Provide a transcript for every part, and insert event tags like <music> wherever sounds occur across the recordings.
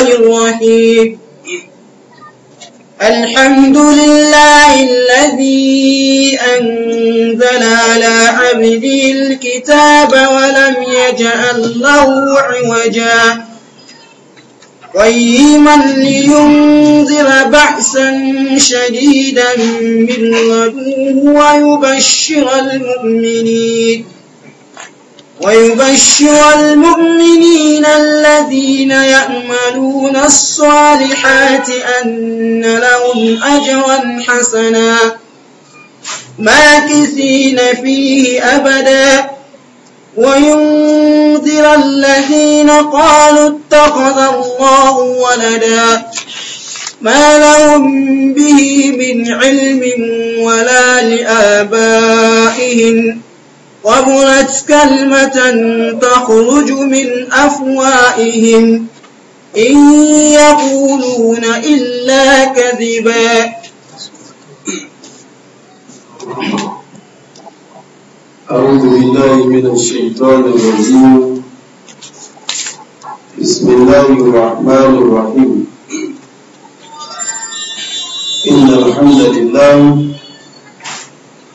الرحمن الرحيم الحمد لله الذي أنزل على عبده الكتاب ولم يجعل له عوجا قيما لينذر بأسا شديدا من لدنه ويبشر المؤمنين ويبشر المؤمنين الذين يأملون الصالحات أن لهم أجرا حسنا ماكثين فيه أبدا وينذر الذين قالوا اتخذ الله ولدا ما لهم به من علم ولا لآبائهم قبلت كلمة تخرج من أفوائهم إن يقولون إلا كذبا أعوذ بالله من الشيطان الرجيم بسم الله الرحمن الرحيم إن الحمد لله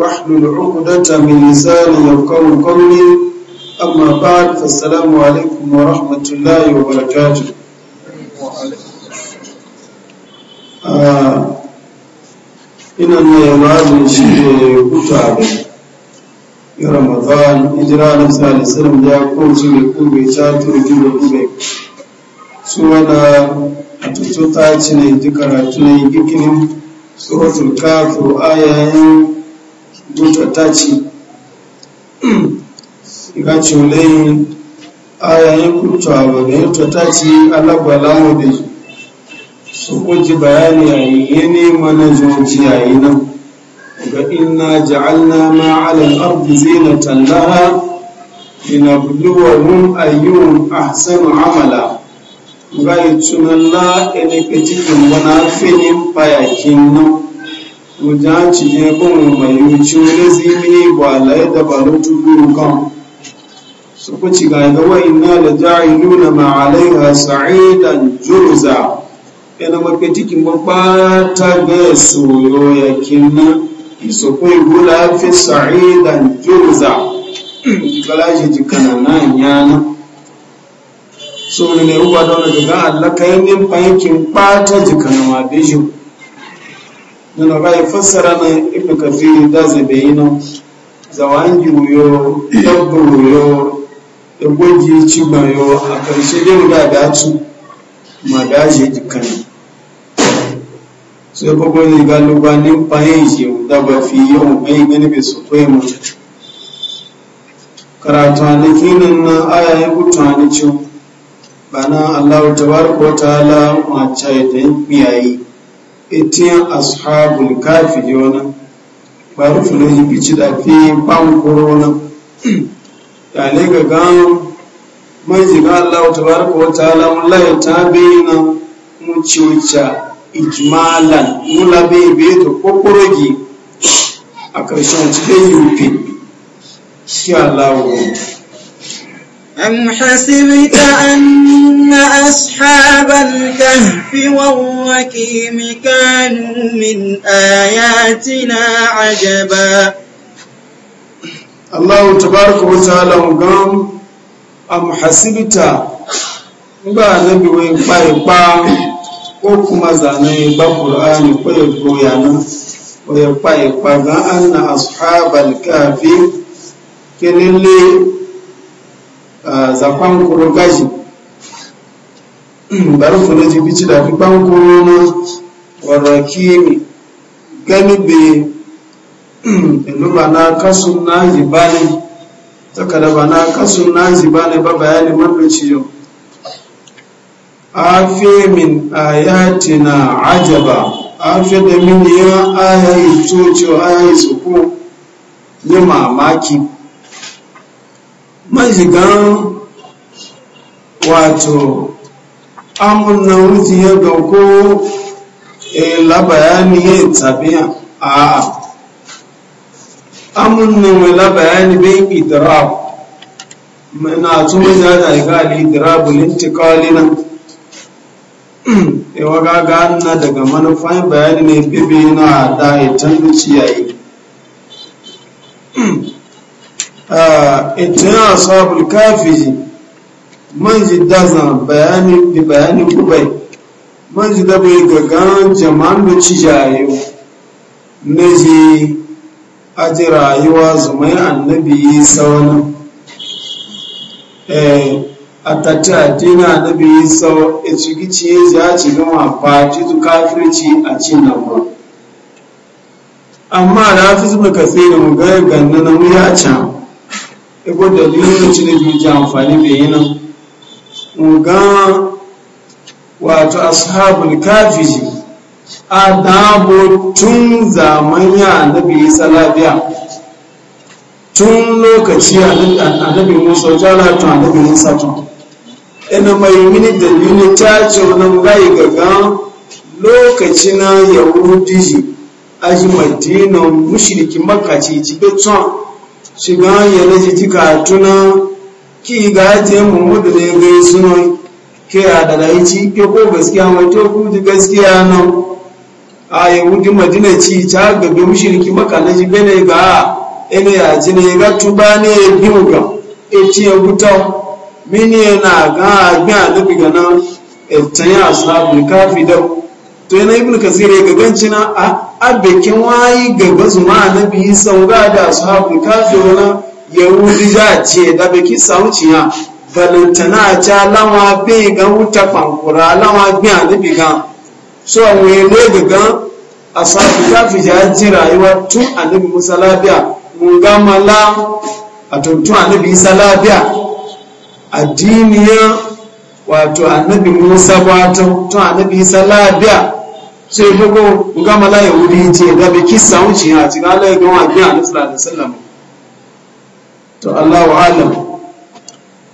واحلل عقدة من لساني يفقهوا قولي أما بعد فالسلام عليكم ورحمة الله وبركاته آه. ina ne yawazin shi ne huta ga ramadan hijira na misali salam ya kowace mai kome ta turki da kome su wada a tuttuta ci ne ji karatu ne gikinin suratul kafir ayayen tuto tachi ga culayin ayayin kuto abu da yato tachi alagbala mu da su kuji bayani a yi ne mana zuci a yi nan ga inna ja'alna ma'alar Ina zinatan mun linabluwahum ayyuhum ahsanu amala ga yi tunan la ene ka cikin wani finin fayakin nan wajen ya kuma mai yuci wani zimini ba laye da ba na kan su ku ci gaga na da jari nuna ma'alaiha sa'idan juruza yana mafi cikin babba ta gaya soyo ya kinna su ku yi gula fi sa'idan juruza kalashi jikana na yana so ne ne uba don daga allaka yanyin fahimkin ɓata jikana ma bishin nuna bai fassara nan ibn kafiri da zabe yi nan zawangi wuyo dabba wuyo egbogi cibayo a ƙarshe dai da datu ma daji dukkanin sai kwakwa ne galo ba ne bayan shi da ba fi yau bai gani bai su koya mu karatu a nakinin na aya ya kuta ni ci ba na allahu tabaraka wa ta'ala ma cai da yayi etiyan ashabu kafi wani ba rufu na yi bici da fi kwan korona yale <clears throat> ga gan mai jiga Allah ta baraka wa ta'ala mun ta bayyana mu ciwuca ijmalan mu bai be to kokorogi a karshen cikin yufi shi Allah أم حسبت أن أصحاب الكهف والركيم كانوا من آياتنا عجبا الله تبارك وتعالى وقام أم حسبت ba nabi wai bai ko kuma zane ba qur'ani ko goya nan ko ya kafi Ah, zakwan kuro gaji hmm, barfu na jibici da fi bankuro na warraki gani be iluba hmm, na kasu na jibali ba na kasu na jibali ba bayani mallaci yau afe min ayatina ajaba afe da min ya ayayi tsoci ayayi suko yi mamaki majigan wato amurna wuti ya gauko ko e, labayani ya tabiya a amurna mai labayani bai mai na tuni da ya ga al-idrab lintiqalina <clears throat> e waga ga na daga manufan bayani ne bibi na da itan ciyayi <clears throat> ita ashabul kafi man ji daza bayani da bayanin kubai man ji dabai gaga jama'an da ci jayo na ji aji rayuwa zumai annabi sauran a tatti addini annabi sau a ciki ciye a cikin gama fati tu kafirci a ci nan ba amma da hafi zuba kasi da mu ga ganna na mu ya can ego dalilin ci da ji amfani da yi nan mugan wato ashabul kafiji adabo tun zamanya annabi isa lafiya tun lokaci annabi musa jala to annabi musa to ina mai mini dalilin ta ce wani bai gaga lokaci na yahudi aji madina mushriki makaci ci beton shiga yana jiki tuna ki ga je muhammadu da ya gai suna ke a da ci ke ko gaskiya mai to ku ji gaskiya nan a yahudi madina ci ta gabe mushirki maka na ji bene ga ene ya ji ne ga tuba ne biyu ga e ci ya guta mini yana ga ga da biga nan e tanya asabu kafi da to yana ibn kasir ya gaganci na a bikin wayi gaba zuma annabi isa ga da ashabu kafiro na yahudi ja ce da biki sauciya balantana ta lawa be ga wuta fankura lawa bi annabi ga so we ne gaga ta fi ja ji rayuwa tun a musa musalabiya mun ga mala a tuntun annabi isa lafiya addiniya wato annabi musa wato tun annabi isa salabiya. so gbogbo fago ga mala ya wuri ce ga bai kisa wuce a cikin Allah ya ga wa biya Annabi sallallahu alaihi wasallam to Allahu alam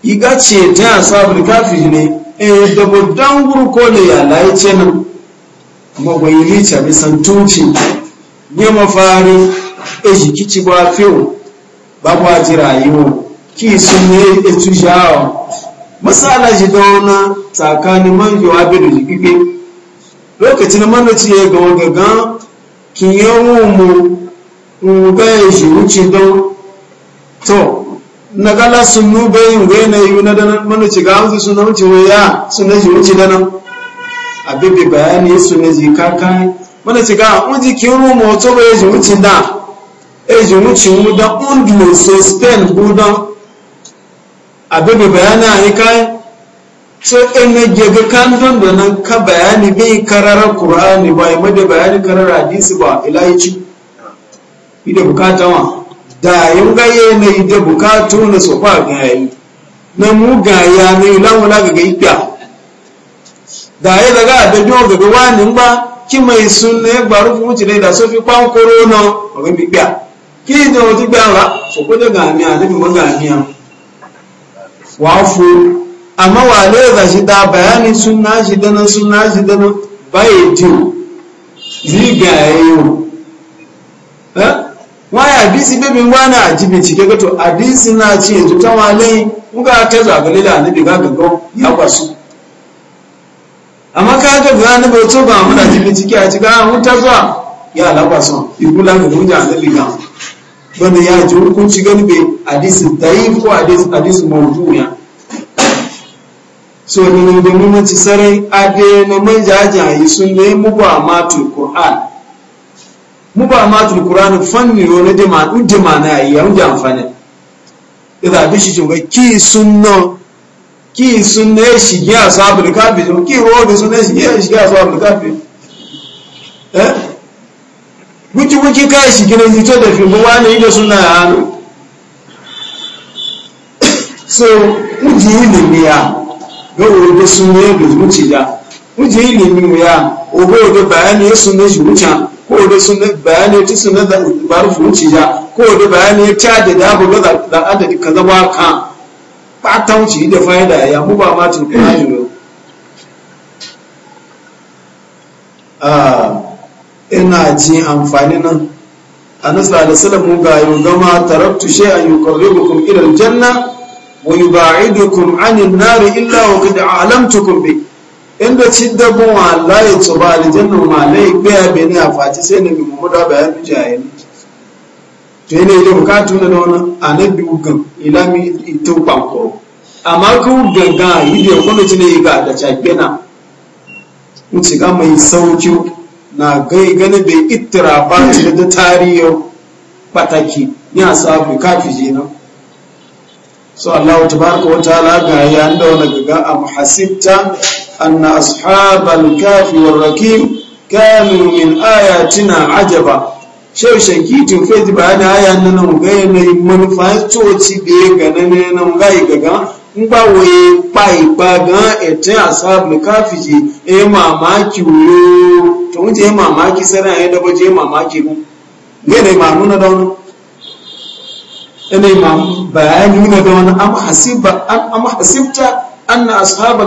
iga ce ta asabul kafir ne eh da bodan gurko ne ya lai ce nan amma bai yi tsakanin da lokacin mana ci ya ga wagaga kin yawo mu ga ya shi wuce don to na gala sun nube yin ga yanayi na da mana ci ga hanzu suna wuce waya suna shi wuce da nan a bebe bayani suna ji kaka mana ci ga wuce kin rumu wato ba ya shi wuce da ya shi wuce mu da undu sai spain budan a bebe bayani a yi kayan so ina ga kan dondo nan ka bayani bai kararar qur'ani ba ya mada bayani kararar hadisi ba ilayici ida bukata ma da yin gaye na ida bukatu na sofa gayi na mu gaya na ila na ga gaita da yi daga da biyo ga ga wani ba ki mai sunna ya gbaru fu mutile da so fi kwan corona ba ga biya ki da wata gbawa so ko da ga mi a da mi ga mi wa fu amma wane za shi da bayanin suna shi dana suna shi dana bai jiyo ziga eh? ya yi wani hadisi bebe wani a ji bincike ga to hadisi na ce yanzu ta wale muka ta zagale da annabi ga ya kwasu amma ka ga ga ni ba ba muna ji cike a ci ga mun ta zuwa ya alaba son ga mun annabi ga bane ya ji hukunci gani be hadisi dai ko hadisi hadisi so nini da sarai na mai jajaye sun ne muba matul qur'an muba matul qur'an fanni ro na de ma na yi an jamfane idza bishi jin ga ki sunno ki sunne shi ya sabul kafi ki ro da sunne shi e shi ya sabul kafi eh wuki wuki kai e shi gidan jito da fi ba wani da so gawo da sun yi da zuci da muje ilimi mu ya obo da bayani ya sun da zuciya ko da sun da bayani da bar zuci ko da bayani ta da da bu da da adadi kaza ba ka ta wuce da faida ya mu ba ma tun kuma ne ah ina ji amfani nan annabi sallallahu alaihi wasallam ga yu gama taraktu shay'an yuqarribukum ila janna. ويباعدكم عن النار إلا وقد علمتكم به in da ci dabon wallahi su ba aljanna ma lai biya bene a faci sai na bimu muda bayan jaye ne to yana ile bukatu na da wani anabi ugan ilami ito kwankoro amma ka ugan ga yi da kuma ci ne ga da cakena ga mai sauki na gai gani da itira ba da tarihi pataki ya so Allah tabaraka wa ta'ala ga ya da wani gaga a muhasibta anna ashabal kafi war rakim kanu min ayatina ajaba shehu tun fai ba da aya na nan ga yanayi manufa coci da ya gana na nan ga yi gaga n ba waye pa ipa gan ẹtẹ kafi ji ẹ e mamaki wuyo tòun jẹ mamaki sẹrẹ ya dọbọ mamaki mamaki mu gbẹdẹ màmú da wani. ina imam bayani ne da wani am hasiba am hasibta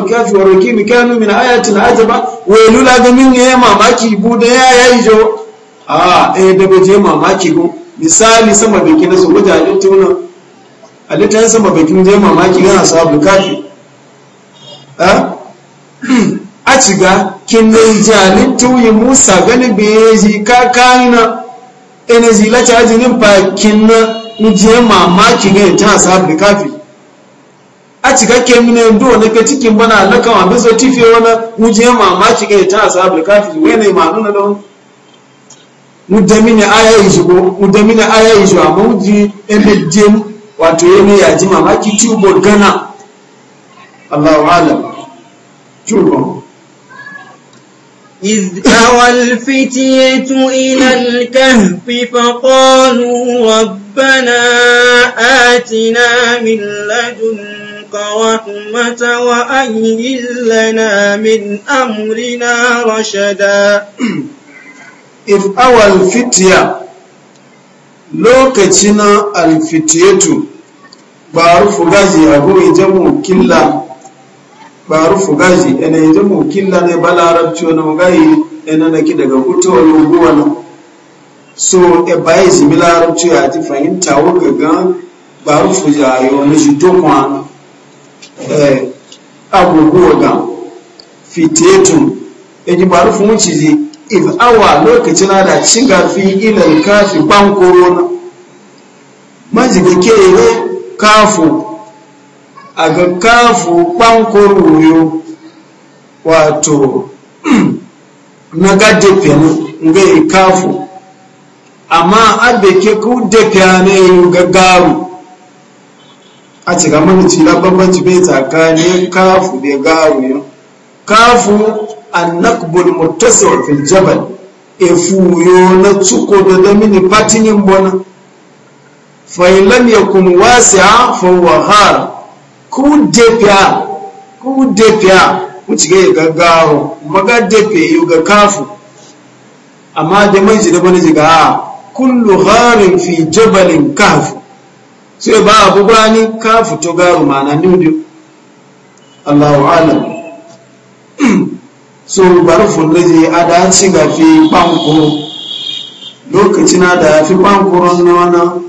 kafi wa rakim kanu min ayatin ajaba wa lula ga min ya mamaki bu da ya yayi jo a eh da bai je mamaki go misali sama bai kina su wajajen tuna alitan sama bai kin je mamaki ga ashabul kafi a a ciga kin ne jalin tuyi musa gani bai ji ka kaina ina zilata ajinin fa na muje mamakin ga ta sabu kafi a cika ke mine duwa na ke cikin bana alaka wa bizo tifi wana muje mamakin ga ta sabu kafi wai ne ma nuna don mudamini aya ijigo mudamini aya ijo amma muji ebe wato yemi ya ji mamaki tubo gana Allahu alam tubo إذ أوى الفتية إلى الكهف فقالوا ربنا آتنا من لدنك رحمة وأهل لنا من أمرنا رشدا إذ أوى الفتية لوكتنا الفتية بعرف غازي أبو جمو كلا barufu gaji ene yanzu mu killa ne balara wani gai ene na ki daga kuto guwa na so e baye zimila rutu ya ti fahimta wo gaga barufu ja yi wani shi to kwa eh abubuwa ga fitetun eji barufu mu ciji if awa lokacin da shiga gafi ilal kafi ban korona maji da ke kafu a ga kafu ɓankuruyo wato na ga nga ga kafu amma abe ke ku dafene yi gaggaru a cika mana cila bambanci bai tsakanin kafu da garu yau kafu nakbul muttasir fil jabal efuyo na tsuko da damini patinin bona fa ya kuma wasi fa huwa hara ku defya ku defya wucige gaggawo maga defe ga kafu amma da mai ji da bane ji a, ah, kullu harin fi jabalin kafu sai ba abu bani kafu to garu mana nudu Allahu alam so bar fundaje ada ci ga fi pankuru lokacin da fi pankurun na wannan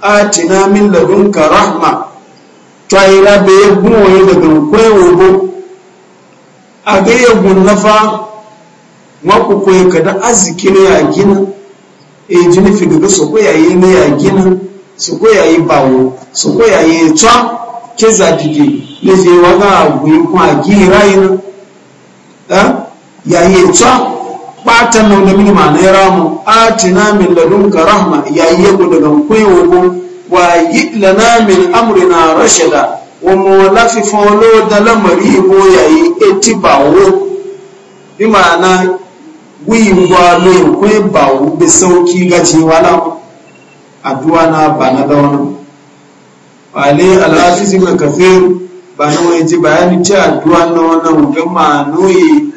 atina min ladunka rahma twayira be yegun oye daga kwe wogo aga yegun nafa maku kada aziki ya gina e jini fi daga so ko yayi ne ya gina so ko yayi bawo so ko yayi tsa ke za dike ne je waga agwi ko agi rayin ya yi tsa batan nan da mini ma'ana ya ramu atina min ladunka rahma ya yi yago daga kwaiwo ko wa yi lana min amrina rashida wa mu lafi folo da lamari ko ya yi eti bawo bi ma'ana wiyin ba mai kwai bawo bi sauki gaji wala addu'a na ba na da wani wale alhafi ibn kafin ba na wani ji bayani ce addu'a na wannan ga ma'anoyi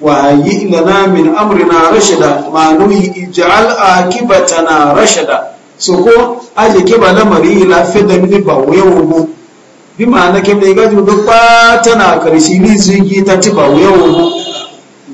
وهيئ لنا من أمرنا رشدا ما نوي اجعل آكبتنا رشدا سوكو أجي كبا لمري لا فدا من باويوه بما أنا كم نيجا جو دباتنا زيجي تتبا ويوه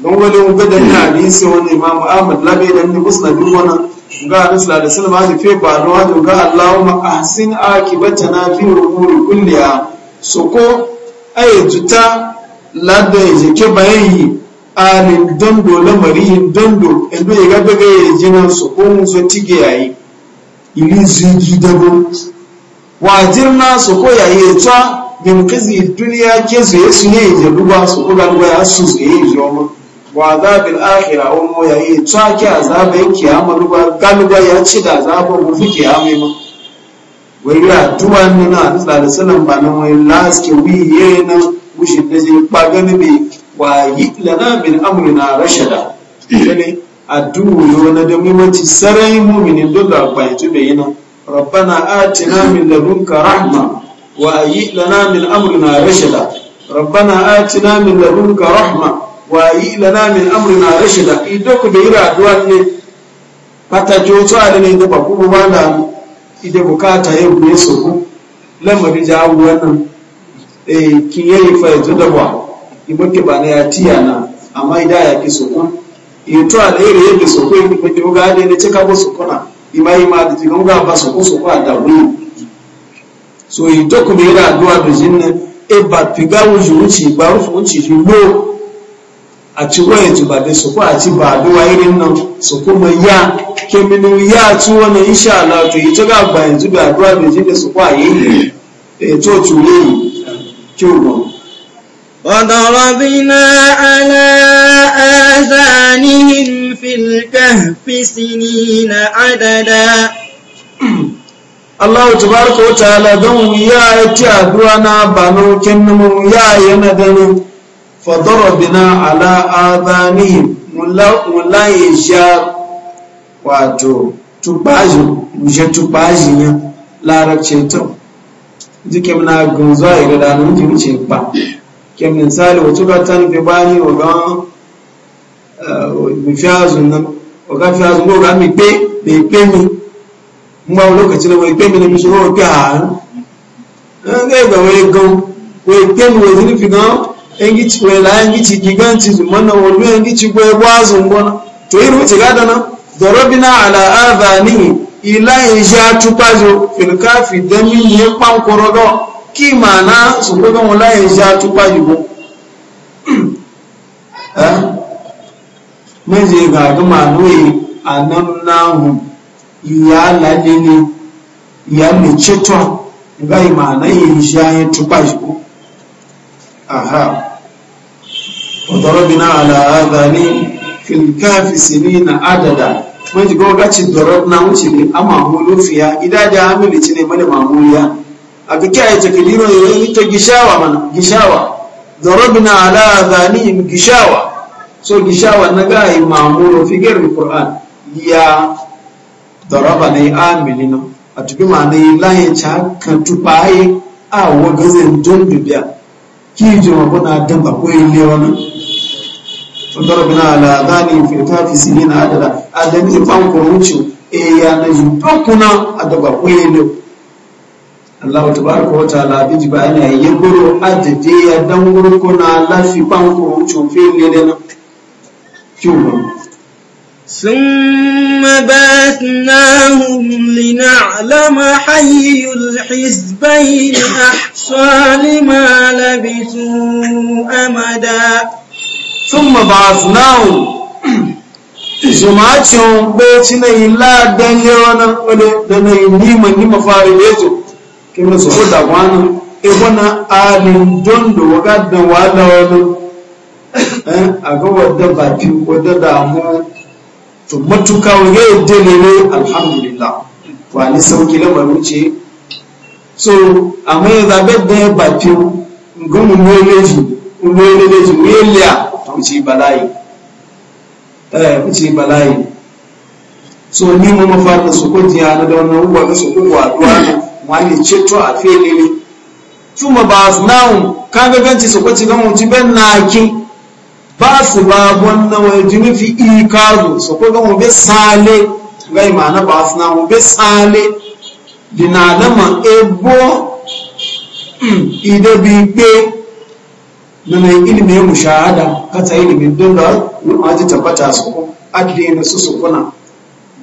don wani gada ni hadisi wani imam ahmad labe dan ni musna duk wani ga hadis da sun ma ji fe ba ruwa to ga allahumma ahsin akibatana fi umuri kulliha soko ay juta ladda je ke bayani alin dondo lamariyin dondo endo ya gaba ga ya jina su ko mun so tige yayi ili zigi dabo wajir na su ko yayi ya ta bin kazi duniya ke su ya su ne ya duba su ko ga ya su su ya yi ma. wa azabil akhirah wa ya yi ta ke azabin kiyama duba galuba ya ci da azabin mu fi kiyama ma wai ra duwa ne na sallallahu alaihi ba nan wai laske wiye na mushin da je pagani be wa lana min amrina rashada yani eh. aduyo na da muhimmanci sarai mu'minin dole a bayyace yana rabbana atina min ladunka rahma wa lana min amrina rashada rabbana atina min ladunka rahma wa lana min amrina rashada idan ku da yi raduwa ne jo to a ne da babu ba da ide bukata yau ne su ku lamarin jawo wannan eh kin fa'idu da ba imake ba na ya tiya na amma ida ya ki sokon yeto alheri yake soko imake uga ade ne cika soko na ima ima da jiga uga ba soko soko a dawo so ito kuma ira aduwa da jinna e ba piga wuju wuci ba rufu wuci shi lo a ci waye ji ba dai soko a ci ba aduwa irin nan soko ma ya kemini ya ci wani insha Allah to ita ga ba yanzu da aduwa da jinna soko a yi e to tule kyau. ugo وضربنا على آذانهم في الكهف سنين عددا Allah tabaraka wa ta'ala don ya yi ci a na ba naukin mu ya yi na ganin fadarabina ala adhanihim mulla ya sha wato tubaji mushe tubaji ne larabce ta na gunzo a irida na mutum ce ba ke misali wato ka tani fi bani oga mi fi azun nan oga fi azun ko mi pe mi pe mi n ba lokaci na mi na mi ko pe a ga fi ila sha tupazo fil kafi damin ya kí màánà sọ̀rọ̀ bí wọn láyé iṣẹ́ àtúpá yìí méje gàdú màánú yìí ànánáhù ìyá aládélé ìyá mẹ́chẹ́tọ̀ ìgbà ìmàánà yìí iṣẹ́ ayé túpá yìí aha ọ̀dọ́rọ̀ náà ní ní na àdàdà méjì gọ́gá náà a mahulu fiya idaja hamilu ci ne atukia ya takdiro ita gishawa mana gishawa darabna ala adhanihim gishawa so gishawa naga imamuro figar alquran ya daraba ne amilina atubi mana ilahi cha kan tupaye a wagazin dundubiya kije mabuna dan bakwai ne wannan darabna ala adhanihim fil kafi sinina adala adami fan kurucu e ya najin dokuna adaba kwele Allah ta baraka wata ala bi ji bayani ya yi guru ajje ya dan guru kuna lafi ban ku cufi ne ne na kyuba summa batnahum lin'alama hayyul hizbayn ahsali ma labitu amada summa batnahum jama'atun bai ci nayi ladan yawan wani da nayi nima nima fara yezu Kina su da wani ebo na alin don da wagadda wala wani eh, a ga wadda baki wadda damu to matuka wani yadda ne ne alhamdulillah wani sauki lamarin ce so amma ya zabe da ya baki gumu ne ji ne ne ne liya ta ci bala'i eh ci bala'i so ni mu mafarka su kujiya na da wannan uwa ga su kuwa duwa wani ceto a felele tuma ba su na'un kaga su kwaci gan wuci ben naki ba su ba wannan wajen nufi ikazu su kwa gan wube sale gai ma'ana ba su na'un wube sale dinadama ebo hmm, idabi pe nana ilimin shahada. kata ilimin dole wani aji tabbata su adli na su su kuna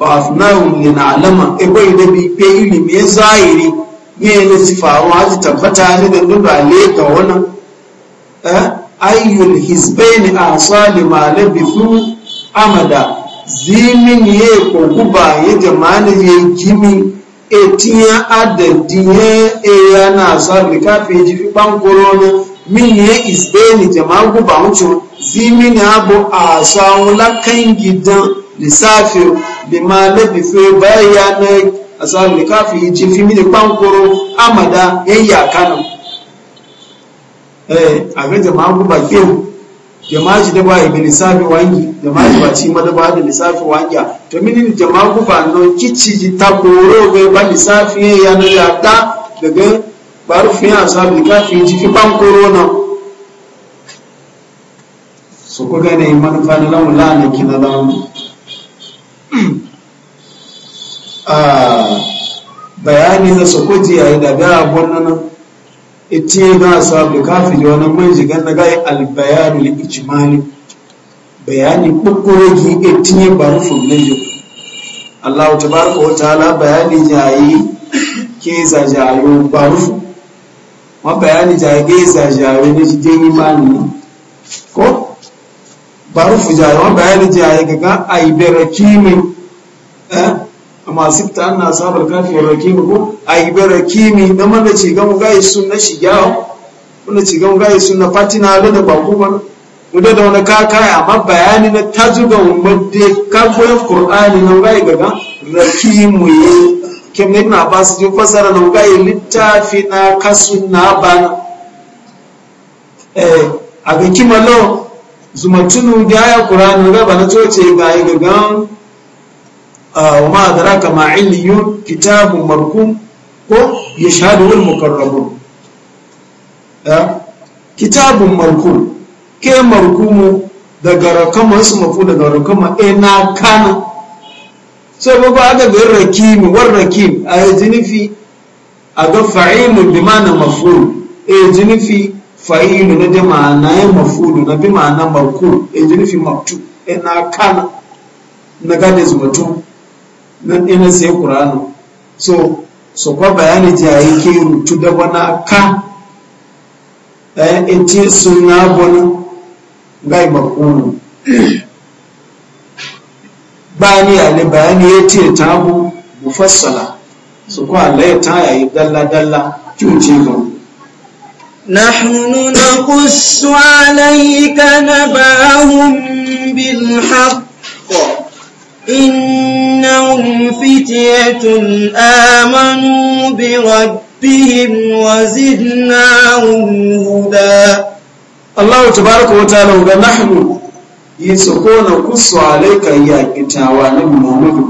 fasnahu yanalama e bai da bi pe ilimi zahiri ne ne ci faru haji tabbata ne da duba le ga wannan eh ayyul hizbaini asali malabifu amada zimin ye ko guba ya jamani ye jimi etinya adadiye e yana asali kafe ji fi bankoro ne min ye isbaini jama'a guba wucin zimin ya bu asawun lakan gidan lissafi lima baya na asalu fi mini amada eh a ga jama'a ku ba jama'a da wangi jama'a ba ci ma da wangi to mini jama'a ku ba no kici ji ta koro ba ya na ya ta daga ba rufin da fi na su ku gane manufa na lamu lana kina lamu a bayani na sokoji yayi da ga gwannan ite na sabu kafi da wani mun jigan na gai albayanu ijmali bayani kokorogi ite ba na nan Allah tabaraka wa ta'ala bayani yayi ke zajayo ba rufu ma bayani jayi ke za jayo ne jigen imani ko ba rufu jayi ma bayani jayi ga ga aibere kimin eh Kuma sifta an na sabar kafin rakimu ko a yi ba rakimi na mana ce gamu gaye sun na shiga wanda ci gamu gaye sun na na da da baku ba muda da wani kaka amma bayani na ta zuga umarde kagoyin kur'ani na gaye gaga rakimu ye kim ne na ba su fasara na gaye littafi na kasu na bana eh, a ga kimalo zumatunu da ya kur'ani na bana na ce gaye gaga وما أدراك ما عليون كتاب مرقوم ويشهده المقربون كتاب مرقوم كي مرقوم daga rakama wasu mafu daga rakama na kana sai babu aka ga rakim war rakim a jinifi a ga fa'ilu bi ma'ana maf'ul e jinifi fa'ilu na da ma'ana ya maf'ul na bi ma'ana marku e jinifi maktu ina kana na gade zumatu nan ina sai qur'ano so so kwa bayani ji yi ke rutu da bana ka eh ince suna bona gai makunu a ne bayani yace tabu mufassala su kwa laye ta yayi dalla dalla cuce ga نحن نقص عليك نبأهم بالحق إنهم فتية آمنوا بربهم وزدناهم هدى الله تبارك وتعالى نحن يسكون قص عليك يا كتاوان المؤمن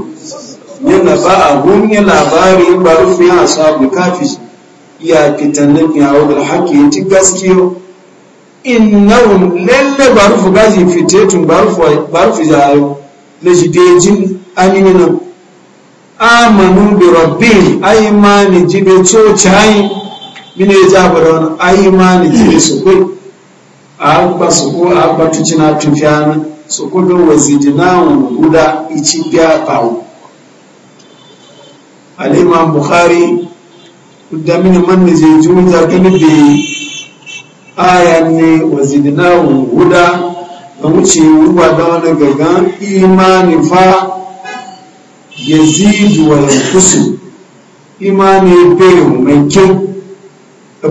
yana ba abun ya labari ba rufin ya sabu kafi ya fitannin ya wadar haƙƙi ya ci gaskiyo innahum lalle ba rufu gaji fitetun ba rufu na jidejin amina amanu bi rabbi aymani jibe tsocayi mine jaba da wani aymani jibe su kai a ba su ko a do tucina tufiyana su ko don wazijinawan guda ichi biya kawo alima bukhari da mini manni zai juja gani bi aya ne wazijinawan guda wuce ruwa da wani gagan imani fa ya zidu wa yankusu imani bayu mai kyau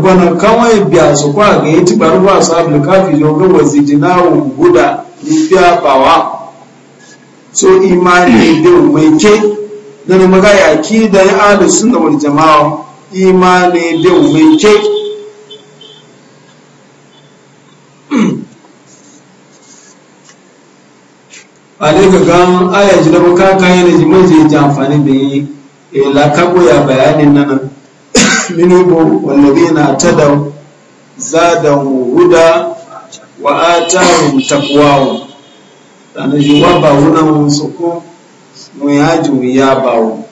bana kawai biya su kwa ga yi tibar ba su abu kafi yau ga guda ni biya bawa so imani bayu mai kyau da na magaya ki da ya alu suna wani jama'a imani bayu mai kyau ale ga gan aya ji na baka kayan da ji mai zai ji amfani da yi eh, la kabo ya bayanin nan <coughs> minu bo walladina tadaw zadahu huda wa atahum taqwahu dana ji wa ba wuna mun suko mu ya ji ya bawo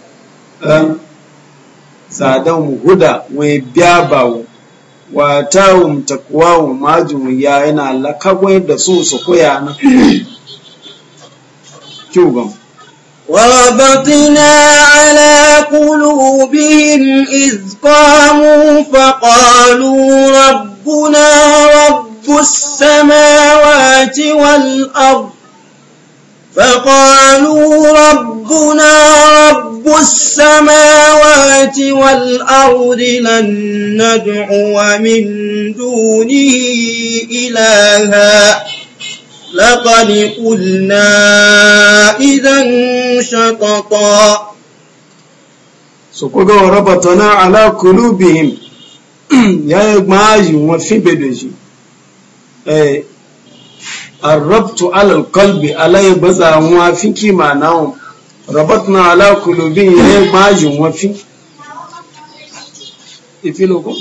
eh, zadan huda mai biya bawo wa atahum taqwahu ma ji ya yana la kabo da su su koya nan <coughs> شوقهم وربطنا على قلوبهم إذ قاموا فقالوا ربنا رب السماوات والأرض فقالوا ربنا رب السماوات والأرض لن ندعو من دونه إلهًا لقد قلنا إذا شططا سقوط ربطنا على قلوبهم يا إجماعي وفي بدجي الربط على القلب على بزا وفي كما نوم ربطنا على قلوبهم يا إجماعي وفي إفيلوكم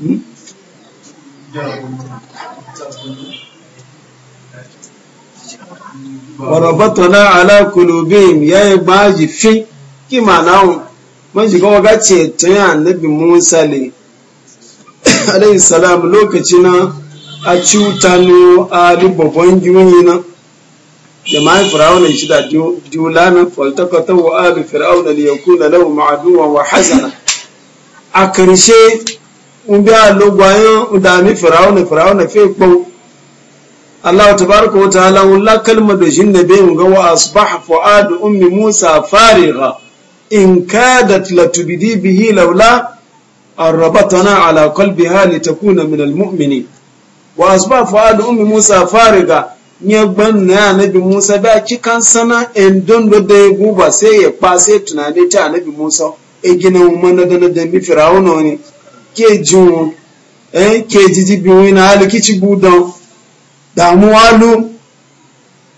Hmm? warabatana ala kulubim ya yi baji fi ki ma'anahun mashi kuma ga ceton ya annabi musa ne <coughs> alayhi salam lokaci na a cutano a babban yiwuyi na da ma fir'auna shi da julana faltakata wa ali fir'auna li yakuna lahu ma'aduwa wa hazana a karshe umbi alugwayin udami firawuna firawuna fe kpau Allah tabaraka wa ta'ala wala kalma da shin da bayin ga wa asbah fu'ad ummi Musa fariga in kadat tubidi bihi laula arrabatana ala qalbiha takuna min mu'minin wa asbah fu'ad ummi Musa fariga nye gban na annabi Musa ba kan sana en do de guba sai ya pa sai tunani ta annabi Musa e gina mu mana da da mi firawuna ne ke jin eh ke jiji biwi na halu kici budan damuwa lu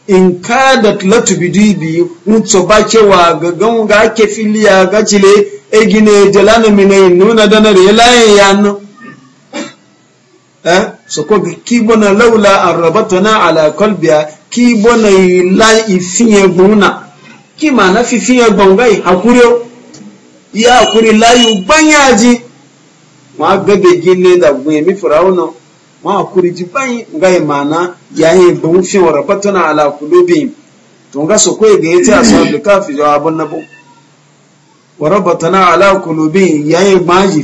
in kadat latu bidibi mutso ba kewa gagan ga ake filiya ga cile egine jalana mine nuna danar ya nu. yanu eh so ko ki bona laula arrabatana ala qalbiya ki bona la ifiye guna ki ma na fifiye gongai hakuri ya hakuri layu banyaji ma gabe gile da gwe mi firawuna ma kuri ji bai ngai mana yayi bun fi wara patana ala kulubi wa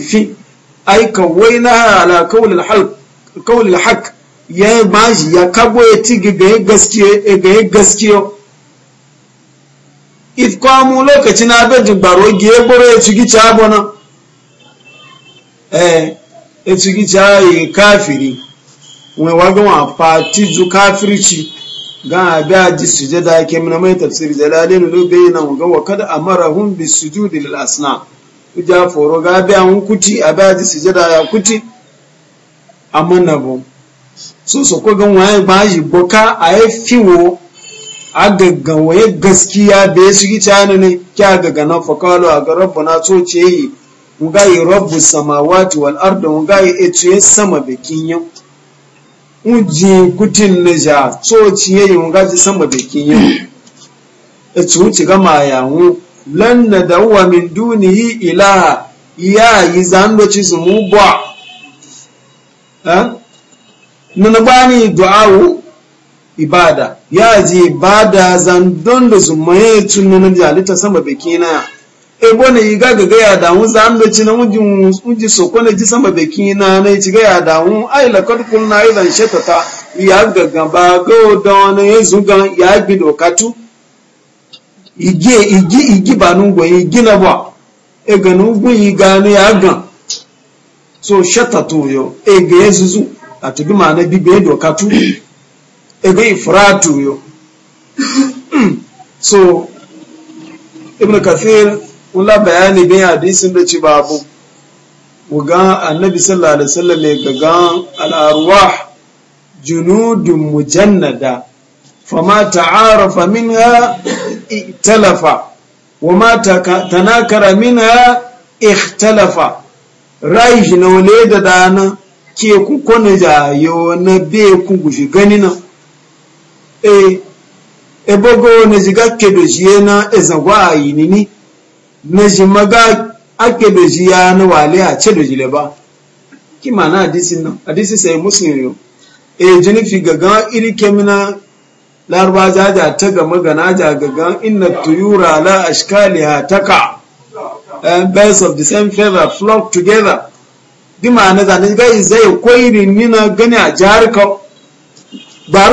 fi ai kawaina ala náà al halq qawl al haq yayi maji ya kago ya ti ga gaskiya ga gaskiya if ya ci gice etu gị chaa yi kafiri wani wagon a fati kafiri kafirci gan abia ji sujada ke mina mai tafsir jalalin lobe yana wagon wa kada amara hun bi suju lil asna uja foro ga abia hun kuti abia ji sujada ya kuti amma na bu so so ko gan waye ba yi boka a yi fiwo a gaggan waye gaskiya bai su gita ne kya gaggana fakalo a ga rabbana so ce yi yi rabbu samawati wal ardi ngai etuye sama yin. uji kutin neja tsoci ga ngaji sama yin. etu uci gama ya wu lan nadawa min dunihi ilaha ya yi zando ci zumu bwa eh nuna bani du'awu ibada ya ji ibada zandon da zumaye tun nuna jalita sama na ebo na iga ga gaya da mu za mu na mujin muji soko na ji sama beki na na ci gaya da mu ai la na kun na idan ya gaga ga go na ezu ga ya bi dokatu igi igi igi ba nu go igi na ba e ga na ya ga so shatatu yo e ezuzu yezuzu atubi ma na bi be dokatu e ifuru atụ yo <clears throat> so ibn kathir kula bayani bin hadisin da ci babu wuga annabi sallallahu alaihi wasallam ya gaga al-arwah junudun mujannada fama ta'arafa minha wa ma tanakara minha ikhtalafa rai shi na wale da dana ke ku kone yo na be ku gushi gani na eh, e ebogo ne jiga ke do jiena ezagwa a yi na shi maga ake da shi ya na wale a ce da jile ba ki na hadisin nan hadisin sai muslim yo e eh, jini fi gaga iri kemina larba jaja ta ga magana ja gaga inna tuyura la ashkaliha taka and eh, birds of the same feather flock together di ma'ana zane gai zai kwairi nina gani a jihar ka ba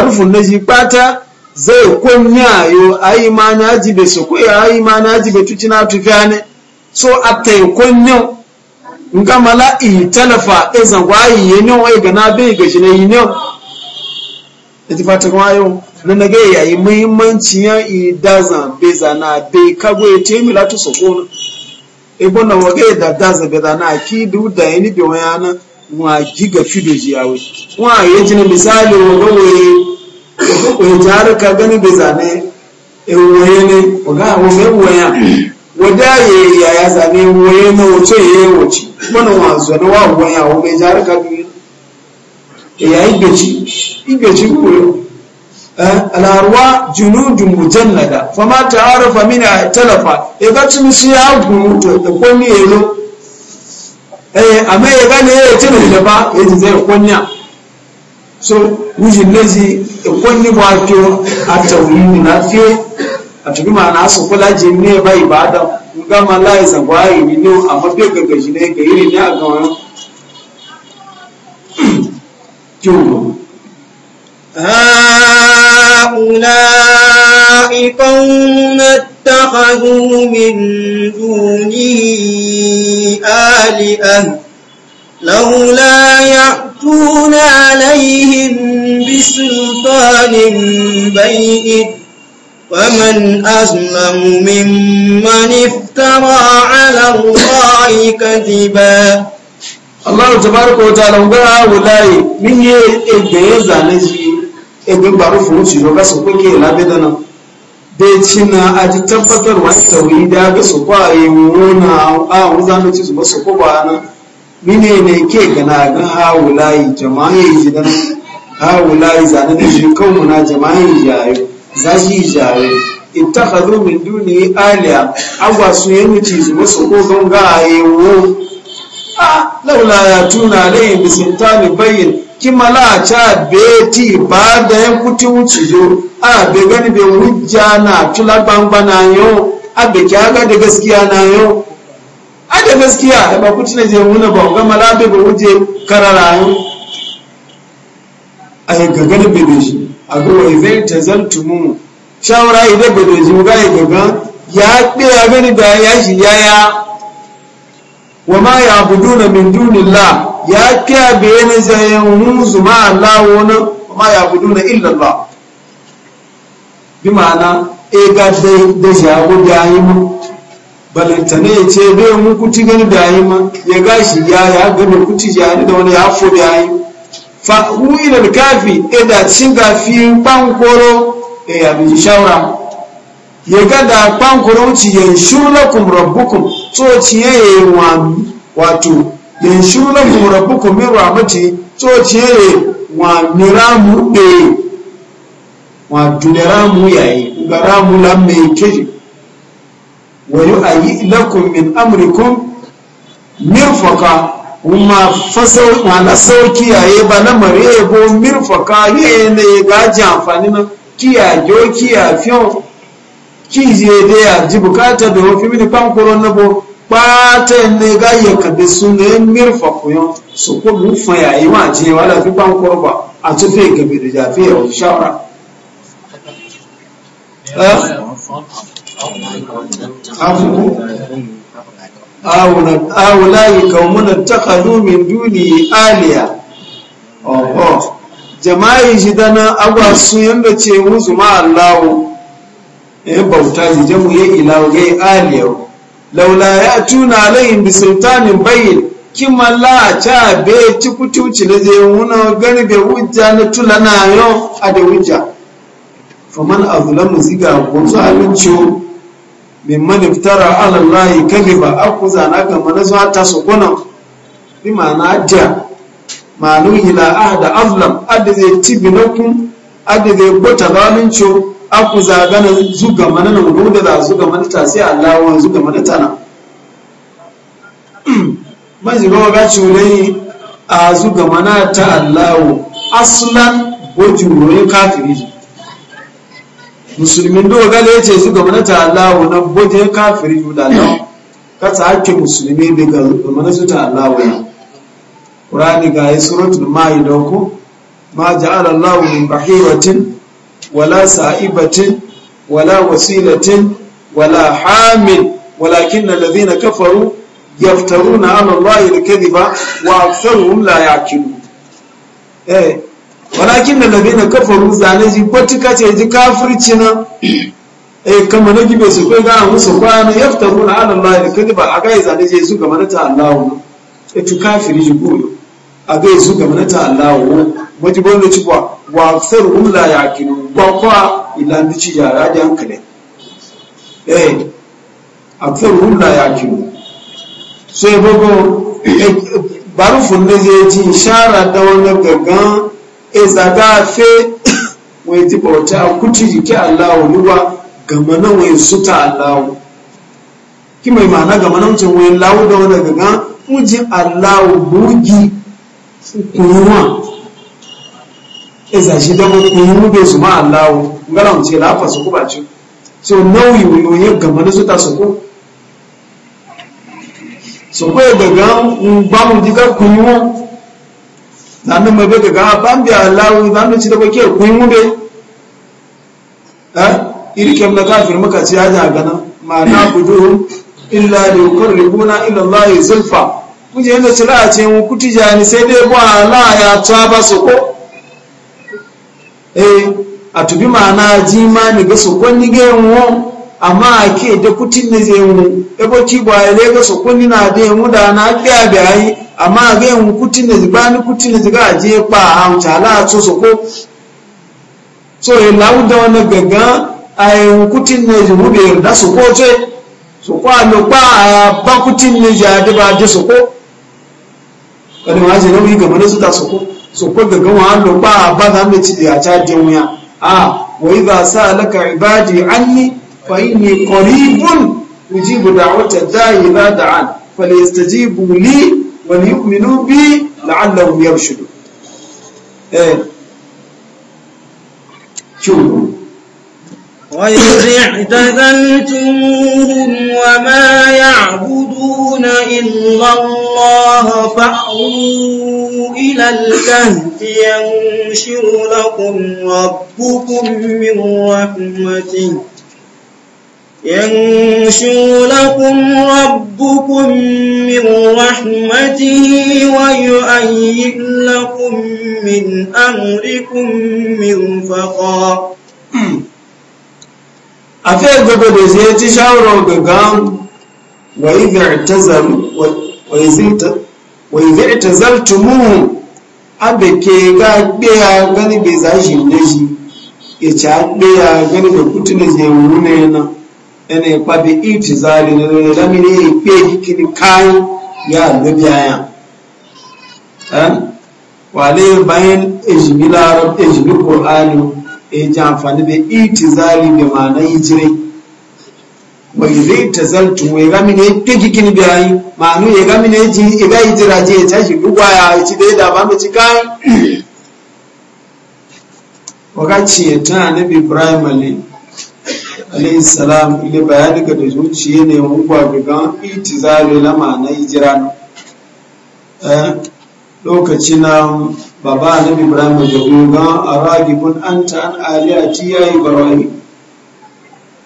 rufu na ji bata zai kunya yo ai ma na jibe su ko ai ma na jibe tuci na tufane so atta kunyo nga mala i talafa ezan ne yenyo ai ga na be ga shi ne yenyo eti fata kuma yo na nage yayi muhimmanci ya i daza beza na be kago ete mi latu e bona wa ga e da daza beza na ki du da e ni be yana wa giga fidoji yawe wa yeji ne misali wa gawe Wani hijaru ka gani bai zane ewoye ne oga awon mai woya wadda ya yaya zane woye na wace ya yi wace mana wazo na wa woya awon mai hijaru ka biyu ya igbechi igbechi wuro junun junudun mujallada fama ta arafa mina talafa ya ga cin shi ya gudu da kwanye ya zo eh, amma ya gane ya ce da ba ya ji zai kwanya so wiji nezi ikonni ato a tauri na fe a tafi ma'ana kula je ne ba ibada gama layi zagwayi ni ne a mafi gagaji ne ga yiri ne a gawa <clears throat> kyau هؤلاء قوم اتخذوا من دونه آلئة لولا يأتون عليهم بسلطان بيئ ومن أظلم ممن افترى على الله كذبا الله تبارك وتعالى وقال ngara من يجيز ebe ya ebe baru fun shi ga su kuke labe da nan de china aji ji tabbatar wa tawhida ga su kwaye wona a wuzanu ci su ba su ko ba nan mine ne ke gana ga hawulayi jama'a ji dan hawulayi zane da shi na jama'a jayo za shi jayo ittakhadhu min duni aliya agwa su yi miji su wasu kogon gaye wo a laula ya tuna alayhi bi ki bayyin kimala cha beti baada ya kuti uchijo a be gani be wujja na tula gbangba na A be kyaga da gaskiya na yo da gaskiya da ba kuci ne je muna ba ga malabe ba wuje kararayu ai gaga da bebe shi a ga wai zai mu shawara idan bebe shi ga gaga ya ɗaya gani da ya shi yaya wa ma ya budu na min dunillah ya kiya bayani zayen hunzu ma Allah wani wa ma ya budu na illallah bi ma'ana e ga dai da shago da yi mu balintane ya ce bai mu kuti gani da yi ma ya gashi ya ya gani kuti ya da wani ya fo da yi fa wu ilal kafi e da cin gafi pankoro e ya bi shawara ya ga da pankoro wuci yanshuru lakum rabbukum so ci ya yi wa wato yanshuru lakum rabbukum min rahmati so ci ya yi wa miramu e wa duneramu yayi ga ramu lamme keji wa yu'ayyi lakum min amrikum mirfaka kuma fasau mana sau kiyaye ba na mare bo mirfaka ye ne ga ji amfani na kiyayo kiyafiyon kije da ya ji bukata da wafi mini pankoro na bo pata ne ga ya kabe su ne mirfaku yon su ko rufa yayi wa je fi ba a tufe gabe da jafi afu awulayi kaunan takanu min duni aliya oho jama'i shi dana agwa su ce musu ma'allawo ya bauta ji jamu ya ilawo ya yi laula ya tuna alayin bi sultanin bayin kima la ca be ci kutuci na je wuna gani da hujja na tulana na a da hujja faman azlamu ziga ko su mani iftara ala Allah kadhiba akuza na ga mana zuwa ta su kuna bi ma'ana adda ma'anu ila ahda azlam adda zai tibi na kun zai gota zalunci akuza gana zuga mana na mu da za zuga mana ta sai Allah wa zuga mana tana <clears throat> maji ba ga curai a zuga mana ta Allah aslan bojuroyin kafiri musulmin do gale yace su gwamnati Allah na bude kafiri da Allah ka ta musulmi daga gwamnati ta Allah wa Qur'ani ga suratul maida ko ma ja'ala Allah min bahiwatin wala sa'ibatin wala wasilatin wala hamil walakin alladhina kafaru yaftaruna ala Allah al-kadhiba wa aktharuhum la ya'qilun eh walakin da labi na kafaru zane ji kwatuka ce ji kafirci na eh kama na gibe su kai gana musu kwana ya fita muna ala Allah da kadi ba a gaya zane je su gama na ta Allah wa e tu kafiri ji koyo a gaya su gama na ta Allah wa waji bonda ci kwa wa sar umla ya kinu kwa kwa ilan di ci yara da hankali eh aksar umla ya kinu sai bago e, e, barufin da zai ci shara da wani gaggan ezaga fe wani ti bauta kuti jiki allahu ruwa gama nan wai zuta allahu ki mai ma'ana gama nan cin wai lawu da wani gaga ujin allahu bugi kuyuwa eza shi dama kuyuwa bai zuma allahu ngana mu ce lafa su kuba ci so nauyi wuyoyin gama na zuta su ku so kawai daga gbamu jika kuyuwa zanu mai bai ga ban biya lawu zanu ci da bake ku yi mube eh irkem na kafir muka ci haja gana ma na kudu illa li yuqarribuna ila allahi zulfa je yanzu ci ra'a ce mu kuti ni sai dai ba la ya ta ba su ko eh a tubi ma na ji ma ni ga su ko ga yin amma a ke da kutin da zai ebo ci ba ya lega so kun na de mu da na kiya da yi amma ga yin kutin da ziba ni kutin da ga je pa a wuta la so so ko so ya lawu da wannan gaga ai kutin ne ji mu be da so ko ce so ko an pa ba kutin ne ja da ba je so ko kada ma je nauyi ga mana su da so ko so ko gaga wa an pa ba za mu ci da ta je mu ya a wa idza sa laka ibadi anni فإني قريب يجيب دعوة الداعي إذا دعان فليستجيبوا لي وليؤمنوا بي لعلهم يرشدون إيه شوفوا وإذ اعتزلتموهم وما يعبدون إلا الله فأعوا إلى الكهف ينشر لكم ربكم من رحمته ينشر لكم ربكم من رحمته ويؤيد لكم من أمركم مرفقا أفي قبل زيت شاور وقام وإذا اعتزلوا وإذا اعتزلتموه abeke ga gbeya gani bai zashi ne shi ya ci gbeya gani bai kutu da zai wune na ene kwabe iti zali ne lamine ipe kini kai ya lobiya eh wale bayan ejimi larab ejimi qur'ani e ji amfani da iti zali da ma'ana hijire wai zai ta zaltu wai ne tuki kini biyayi ma'anu ya gami ne ji iga hijira je ya tashi dugwaya ya ci da ya daba mai ci kayan wakati ya tana ne bi alayhi alayhi salam ile bayani ka da zuciye ne mun kwa bigan itizari lama na hijira eh, lokaci na baba na ibrahim da gogan a kun an ta an aliya ti ya yi barwani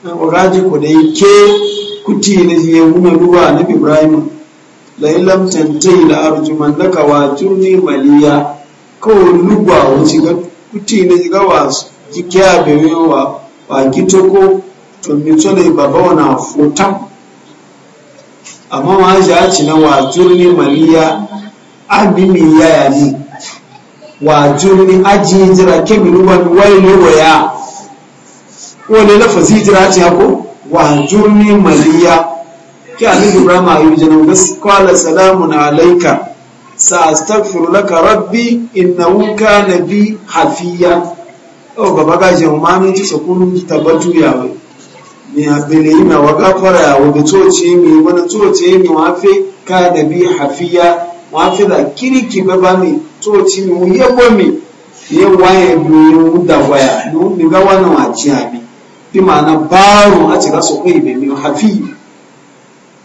eh, raji ku da ke kuti na je muna ruwa na ibrahim lailam tantai la arjuman daga wajurni maliya kawai lugwa wuce ga kuti na ga wasu kya bewewa wa gitoko to mito ne baba wana fotan amma ma ji a ci wa wajurni maliya ya yaya ni wajurni aji jira kemi ruwa wai ne waya wani fasi jira ci wa wajurni maliya ki a nufi rama yi jinin salamu na alaika sa astaghfiru laka rabbi innahu kana bi hafiya o baba ga je o ma mi ti so ni hafele yi ma waka fara wa bi tsoci mi wani tsoci mi wa fi ka da bi hafiya wa fi da kiriki ba ba mi tsoci mi mu yabo mi ye waye bi mu da waya Ni mi ga wani wa ci abi bi ma'ana baro a cika su kai be mi hafi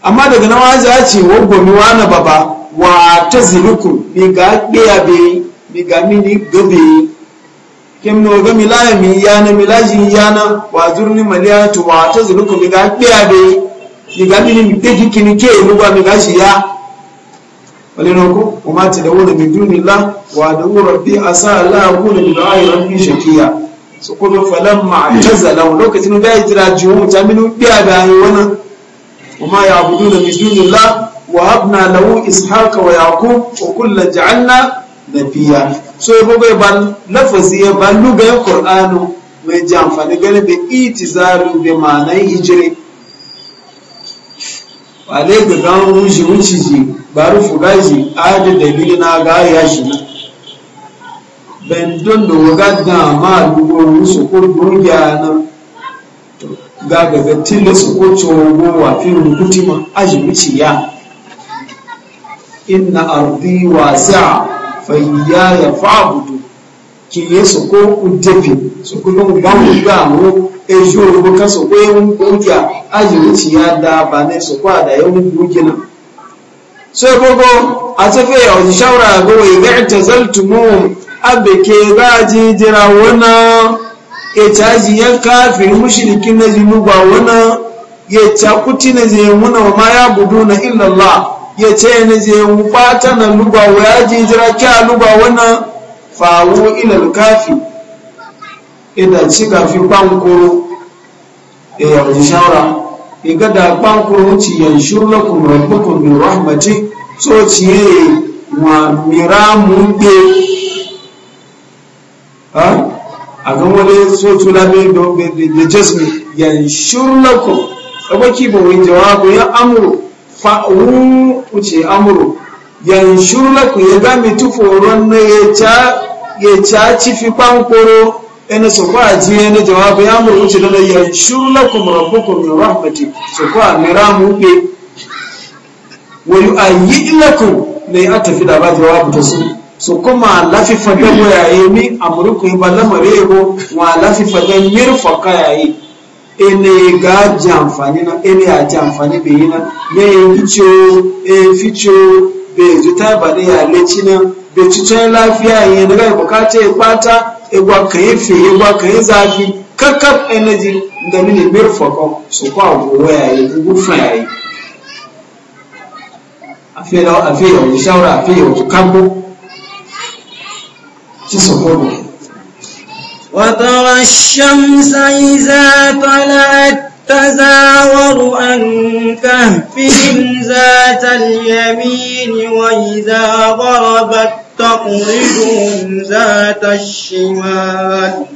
amma daga na wa za ci wa mi wa na baba wa tazilukum ni ga biya be ni ga mini gobe kim no ga milaya mi yana milaji yana wa zurni maliya wa ta zuluku mi ga biya be mi ga bi mi pe kini ke mu ba mi ga shi ya wale no ko o ma ti da wona mi duni la wa da rabbi asa la kuna bi ayi rabbi shakiya so ko do ma tazala lokacin da ya jira mu ta minu biya da ayi wannan o ma ya abudu da mi duni la wa habna lahu ishaqa wa yaqub wa kullu ja'alna da fiya so ya bugai ban lafazi ya ban lugayen qur'anu mai ji amfani gani da itizalu da ma'anan hijire wale ga gan wuce wuce ji ba rufu gaji adi dalili na ga ya shi na ben don da waga da ma lugo wuce ko burgiya na ga ga su ko cogo wa fi rukuti ma aji wuce ya inna ardi wasa. fayiyaya fa'abudu ki ye soko udepi soko lo ba mu ga mu ejo ko kan so pe un ko ajiye ayo ya da ba ne soko ada da mu ku jina so gogo atafe ya o shawara go we ga tazaltumu abeke gaji jira wana e taji ya kafir mushrikin na jinu ba wana ya takuti na je muna ma ya buduna na illallah. ya ce ni je wufata na luba ya ji jira kya luba wana fawo ilal kafi idan ci kafi bankoro e, ya yanzu shawara ya e, gada da bankoro ci yanshur lakum rabbukum bi rahmati so ci ye wa mira be ha a kan wani so tula be dobe da jesmi yanshur lakum abaki ba jawabu ya amuru fa'un wuce amuru yanshur lakum ya ga mi tuforon na ya ca ci fi kwankoro ina su kwa ajiye na jawabi ya muru wuce da yanshur lakum rabbukum min rahmati su kwa mira mu pe wa ina ku ne a tafi da ba jawabi ta su so kuma lafi fadan wayaye min amurku ba lamare ko wa lafi fadan mirfa kayaye ene ga ji amfani na ene ya ji amfani bai yi na me yi ciwo e fi ciwo bai ba da ya lafiya yi na bukata ya kwata igwa ka yi fi igwa ka yi zafi kakkaf energy da mini mirfakon su kwa gowa ya yi gufa ya yi a da shawara da kambo ci وترى الشمس إذا طلعت تزاور عن كهفهم ذات اليمين وإذا غربت تقرضهم ذات الشمال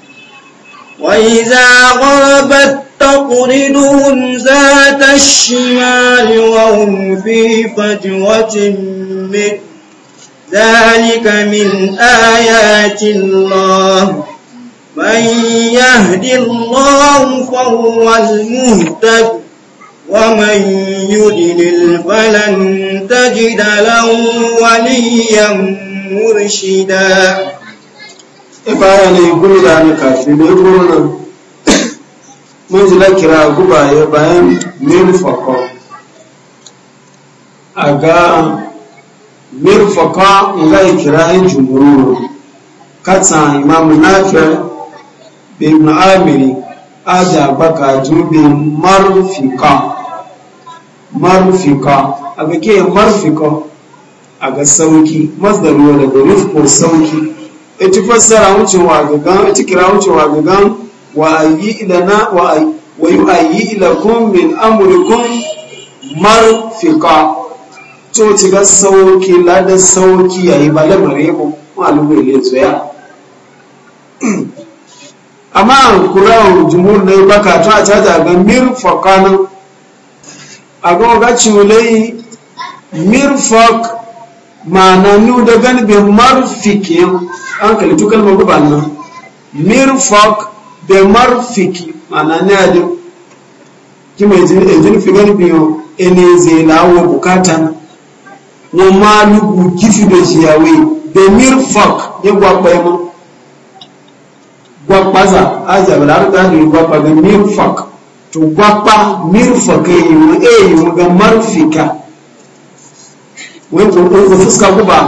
وإذا غربت تقرضهم ذات الشمال وهم في فجوة من ذلك من آيات الله من يهد الله فهو المهتد ومن يدلل فلن تجد له وليا مرشدا ibara ne gumi da hannu kafin da gona mun zila kira gubaye bayan mirfaka a ga mirfaka nga kira yin jumuru katsa imamu nafiya be ma'amiri aja baka jube marfika marfika a ga ke marfika a ga sauki masdaruwa daga rufko sauki ita fassara wucewa gagan ita kira wa ayi ilana wa ayi wa yu'ayyi ilakum to ti ga sauki la yayi ba lamarin amma an kula jumhur ne baka to a caja ga mirfaqan a ga ga ciwulai mirfaq ma'ana nu da gani be marfiki an kalitu kalmar guban nan mirfaq be marfiki ma'ana ne a duk kima ejin figar biyo ene zela wa bukata na malugu gifi da jiyawe be mirfaq ya gwakwaima gwakpaza ajabala argani gwakpa ga mirfak to gwakpa mirfak e yi yiwu e yiwu ga marfika wanda ga fuska guba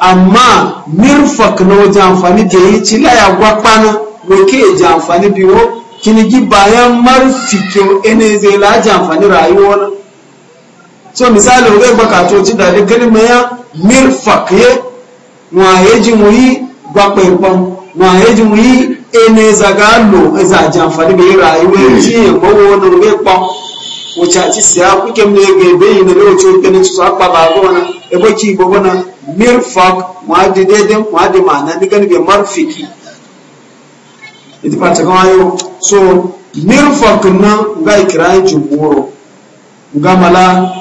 amma mirfak na wajen amfani da yi cila ya gwakpa na wake ji amfani biyo kinigi bayan marfikin ene zai laji amfani rayuwa na so misali wai baka to ci da gani ya mirfak ye wa ji mu yi gwakpa ikon e wa ji mu yi ene zagalo eza jamfani be rayuwa ji mawo no me pa o ti se a kuke mne ge be yin le o chu ke ni su apa ba go na e bo na mirfak ma adi de de ma ma na ni kan marfiki pa so mirfak na mala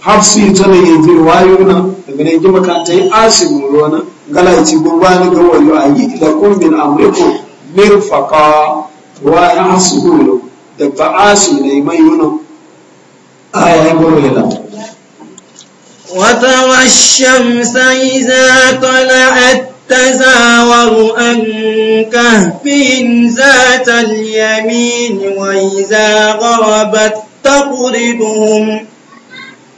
hafsi ta ne ya fi wayo na daga ne gima ka ta yi asibu na galaci gurba ne ga wayo a yi ila kumbin amurko mirfaka ya hafsi gulo da ba asu ne mai yuna a yayin gurbela وترى الشمس إذا طلعت تزاور عن كهفهم ذات اليمين وإذا غربت تقرضهم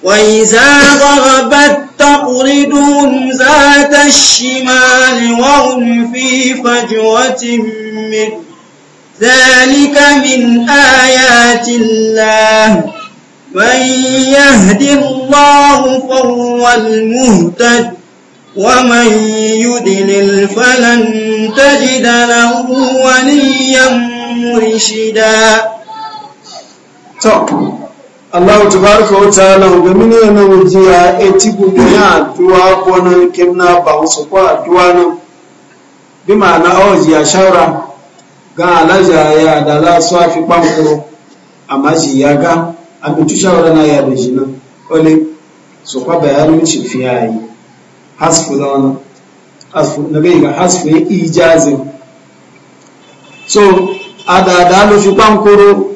وإذا ضربت تقرضهم ذات الشمال وهم في فجوة منه ذلك من آيات الله من يهد الله فهو المهتد ومن يدلل فلن تجد له وليا مرشدا allahu tabaraka wa ta'ala ga mini yana wajiya eti gudu ya addu'a bonan kemna ba wasu ko duwa nan bi ma'ana awaji ya shawara ga alaja ya da la su afi pankuro amma shi ya ga amintu shawara na ya da shi nan ole su kwa bayanin ci fiya yi hasfu da wani hasfu na bai ga hasfu ya ijazin so a da da lufi pankuro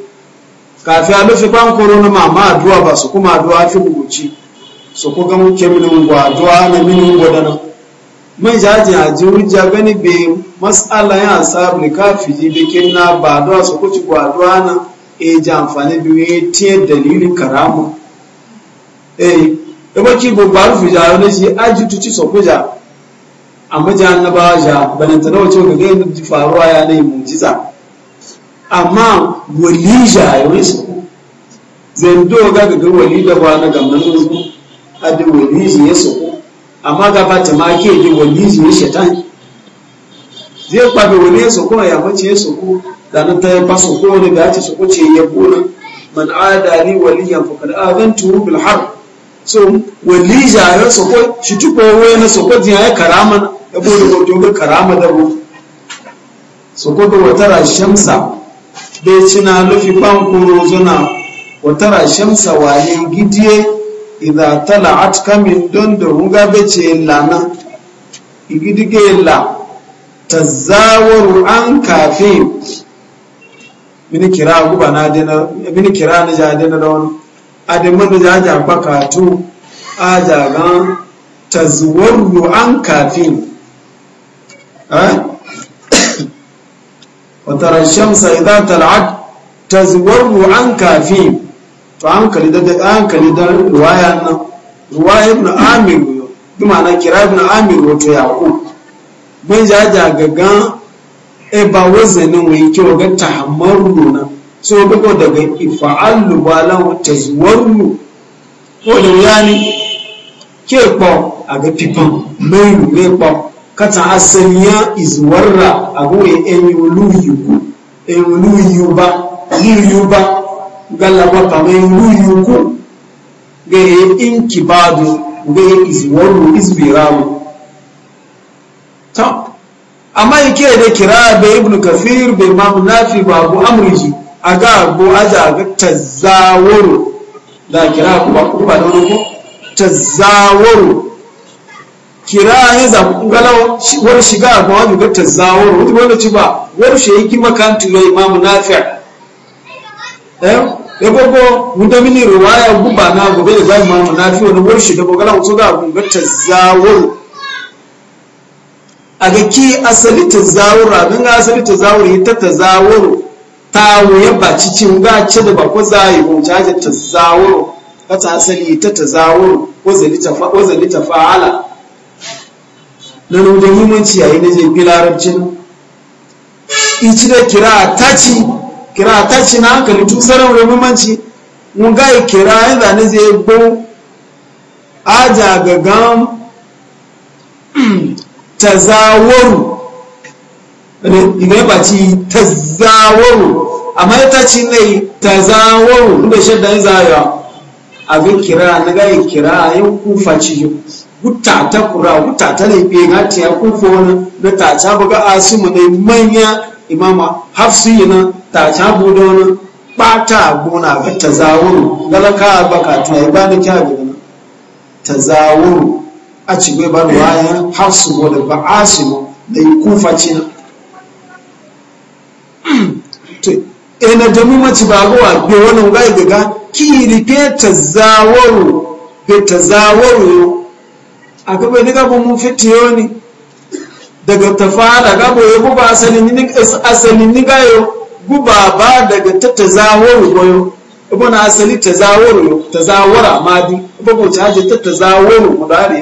kafin a nufi ban korona ma ma aduwa ba su kuma aduwa fi buguci su ku ga muke mini ngwa aduwa na mini ngwa dana mun jaji a ji wujja gani be mas'ala ya sabu ne kafin ji be na ba aduwa su kuci ku aduwa na e ji amfani biyu ya tiye dalilin karamu eh ebo ki bo ba rufi ja ne a ji tuci so ko ja amma ja ba ja balantana wace ga ga faruwa ya ne mu'jiza amma walija ya wai su zando ga ga walija ba na gamnan nuku a da waliji ya su amma ga ba ta ma ke da waliji ya shaitan zai kwabe wani ya su ya mace ya su da na ta ba su ko ne da ta su ko ce ya bona man adali waliyan fa kad azantu bil harb so walija ya yi ko shi tuko wani na su ko ya karama ya bude ko karama da ru su ko da wata shamsa bai cina lufi kuro zuna watara shamsa wayen gidiye idan tala'at kamin don da ruga bace lana igidige la tazawaru an kafe mini kira guba na dena mini kira na ja dena da wani adamman da ja ja bakatu a jagan tazawaru an kafe eh وترى الشمس إذا طلعت تزور عن كافين فأنكل ده أنكل ده رواية رواية ابن عامر بمعنى كرا ابن عامر وتو يعقوب من جاجا غغان إبا وزن ويكي وغا تحمرنا سو bako daga ifa'allu balan tazwarru ko يعني yani ke po aga pipan kata asaniya izuwarra abuwe enuluyuba liyuba galaba ba enuluyuku gaye inkibadu gaye izuwarru izbiramu ta amma yake da kira da ibn kafir bai mamu nafi ba abu amurji a ga abu aza ga tazawuru da kira ba ku ba da wani ku? Tazawaru. kira ya zaɓi galau wani shiga ga wani ga zawon wani ci ba wani shi yake makantu na imamu na eh ya gogo mudamini riwaya guba na gobe da zai imamu nafi'a wani wani shiga ga wasu su ga ga zawon a ga ki asali zawon a ga asali tazawar ita tazawar ta wuya ba cicin ga ce da ba ko yi mu jaje tazawar kata asali ita tazawar wazali fa'ala lalu da himanci yayin da zai fi larabcin ici da kira taci kira taci na hankali tun sarar rumanci mun ga kira ya zane zai gbo aja gagan <clears throat> tazawaru ne ba ci tazawaru amma ya taci ne tazawaru inda shaddan zaya abin kira na ga kira yin kufa cikin ta kura wutata ta biyan hati ya kufa wani da ta ca buga asimu dai manya imama hafsu nan ta ca buga wani bata gona ga tazawuru galaka baka tuna ibada kya ta zawuru a ci gwe ba ruwaya hafsu wadda ba mu da yi kufa cina ena jamu mace ba gowa bai wani ga gaga ki rike zawuru bai tazawuru aka ni gabo mun fiti yoni daga tafara ga bo yego ba asalin ni asalin ni gayo guba ba daga ta tazawuru boyo ibo na asali tazawuru tazawara madi ibo ko ta je ta tazawuru mudari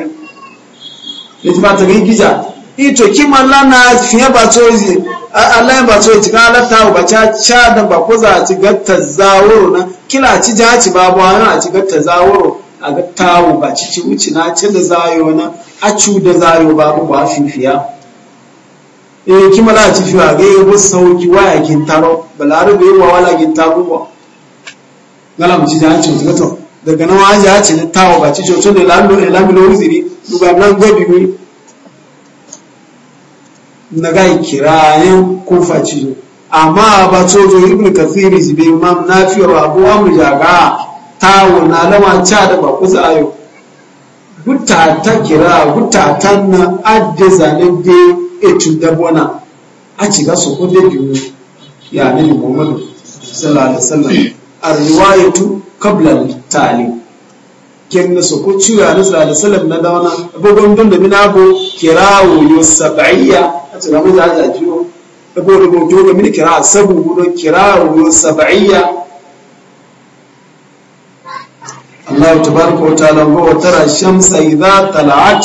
ne ti ba ta gi gija ito malla na fiye ba yi Allah ba to ci kala ta ba cha cha da ba ku za ci gatta zawuro na kila ci ja ci ba ba ci gatta zawuro Aga tawo ba cici wuce na ce da zayo na acu da zayo ba ku ba fifiya eh ki mala ci fiwa ga yi wasu sauki waya kin taro balarabe yi wa wala kin taro ba ngala mu ci da ci ga to daga nan waje a ci na tawo ba cici to ne lando ne lando wuziri ga nan bi ni na ga kirayen kufa ci amma ba to zo ibnu kathiri zibe imam nafi wa abu amr jaga tawo na lama cha da ba kusa ayo guta ta kira guta ta na adde zane de etu da bona a ci ga su ko de biyu ya ne Muhammadu sallallahu alaihi wasallam ar-riwayatu qabla al-ta'lim ken na su ko ya ne sallallahu alaihi wasallam na dawana abubuwan dun da mina bo kirawo yo sab'iyya a ci ga mu za a ji abubuwan da mu jo da mini kira sabu gudo kirawo yo sab'iyya Allah tabaraka wa ta'ala wa tara shamsa idza tala'at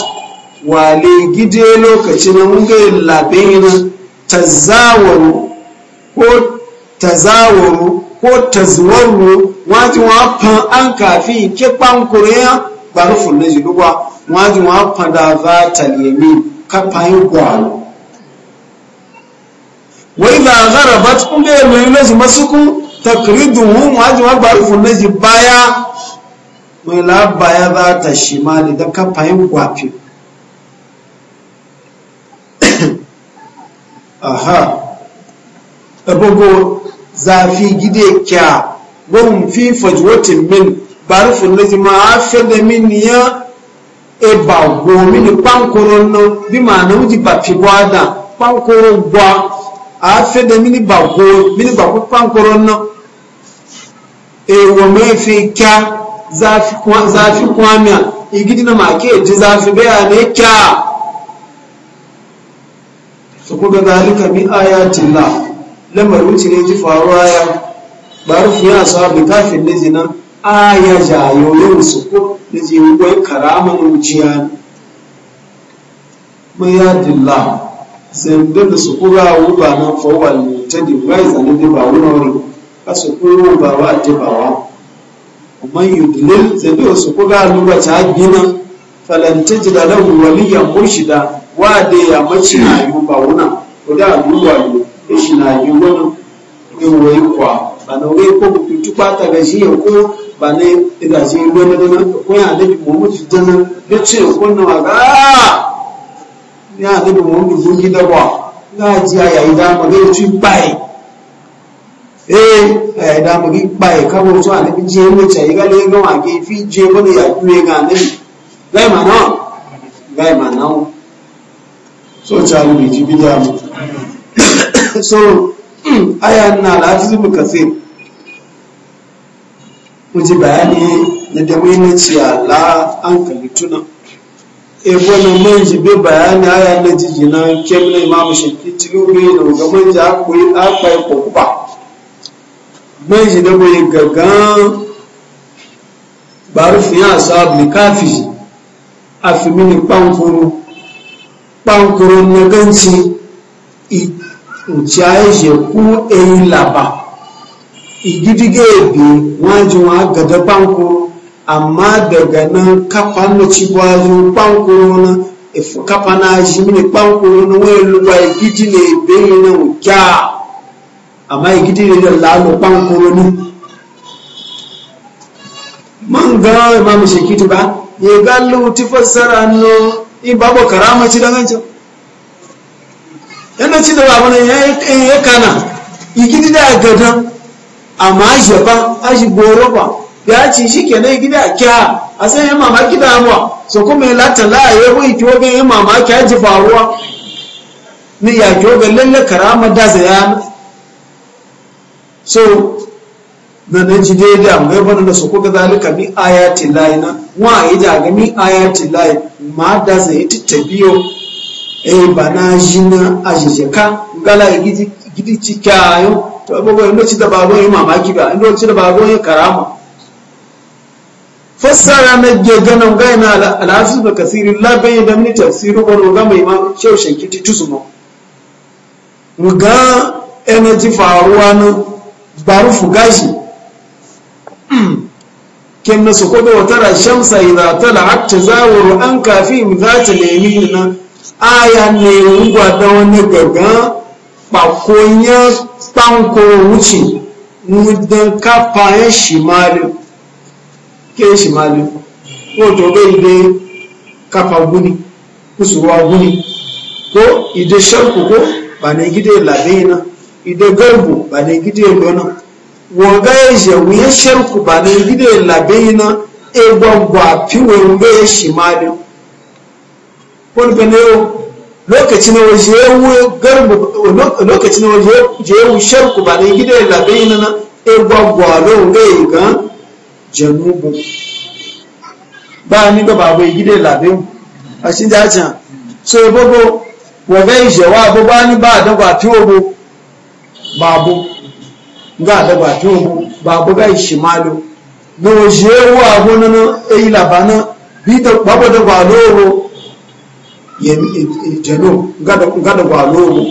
wale gide lokacin mun ga labena tazawaru ko tazawaru ko tazwaru wajin wa fan an kafi ke pankuriya barufun na jidugwa wajin wa fan da za ta lemi kafayin gwaro wai za a zara ba cikin da ya mai nashi masu kun takridu hun wajin wa barufun na baya mai labaya za ta shi mali da kafayin kwafi aha abubu zafi gide kya wahum fi fajwatin min barfin na jima'a fi da min ya eba gomin pankoron nan bi ma na wuji ba fi gwada pankoron gwa a fi da mini ba go mini ba ku pankoron nan e wa mai fi kya zafi kwamiya, zafi kwamya igidi na make ji zafi baya ne kya su kuga zalika bi ayatun la lamar wuce ne ji faruwa ya ba rufu ya sa bi kafin ne jinan aya jayoyin su ko da ji wai karama na wuciya ne mai yadin la sai da su kuga wuba na fawal ta di zane zanen da ba wuri kasu kuro ba wa ta ba wa ومن يضلل زبير سكوغا لغة تعجينا فلن تجد له وليا مرشدا وادي يا مشنا يمباونا ودا لغة يشنا يمباونا يوي kwa bana wai ko kutu kwata ga shi bana wani dana ko ya da mu mutu dana da ce ko na ga ya da mu mutu gida ba na ji ya ida ma ga ci bai Eh, eh da mu gi bai ka bo so ani je mu che ga le ga wa ge fi je bo ne ya ju ga ne gai ma no gai ma no so cha lu bi ji bi da mu so <clears throat> aya na la ji mu kase mu ji bayani ne da mu ne ci ala an kalituna e bona manji be bayani aya na ji na kemle imam shafi tilu be no ga manji akwai akwai kokuba man shi da bai gaggan ba rufin ya sabu ne kafi e a fi mini kpankuru kpankuru na ganci ìtì àìṣe kú eyín làbà ìgídígé èbè wọn ju wọn gàdá pàǹkó àmà dàgà náà kápá ló ti bọ́ ayé náà èfò náà ṣe ní pàǹkó náà wọ́n èlò amma yi kiti da lalo kwankoro ni man ya ga imamu shekiti ba ya gallo ti fassara no in babu karamaci da gancan yana ci da babu nan ya kana yi igidi da gadan amma shi ba a shi goro ba ya ci shi ke na igidi a kya a sai ya mamaki da amuwa so kuma ya latala a yabo iki wagen ya mamaki ya ji faruwa ni ya kyo ga lalle karama da zayana so da na ji dai da mai bana da su ko ga zalika mi ayati lahi na wa yi da ga mi ayati lahi ma da zai tattabiyo eh bana jina ajijeka gala gidi gidi cikayo to abubuwa inda ci da ba yi mamaki ba inda ci da babon yi karama fassara na gegana gaya na al'azu da kasirin labin yi damni tafsirin wani ga mai ma shaushen kiti tusu ma ga energy faruwa na barufu gashi kin na su kudu wa tara shamsa idza tala'at tazawuru an kafihim zata laymin aya ne ngwa da wani gaga bakonya tanko wuce mudan kafa ya shimalin ke shimalin wato bai dai kafa guni kusurwa guni ko ide sharku ko ba na gide labena ide garbu ba ne gide lona wanga eje wiye sharku ba ne gide labina e gbagba piwe wanga ya shimali kun ga ne lokacin waje wuye garbu lokacin waje je wu sharku ba ne gide labina na e gbagba lo wanga ya ga janubu ba ni ga babu gide labin a shi da can so gbogbo wanga eje wa gbogbo ni ba da gwa piwo babu ga da ba tubu babu ga shimalu no jewu abu na no eyi labana bi da babu da ba loro ye jeno ga da ga da ba loro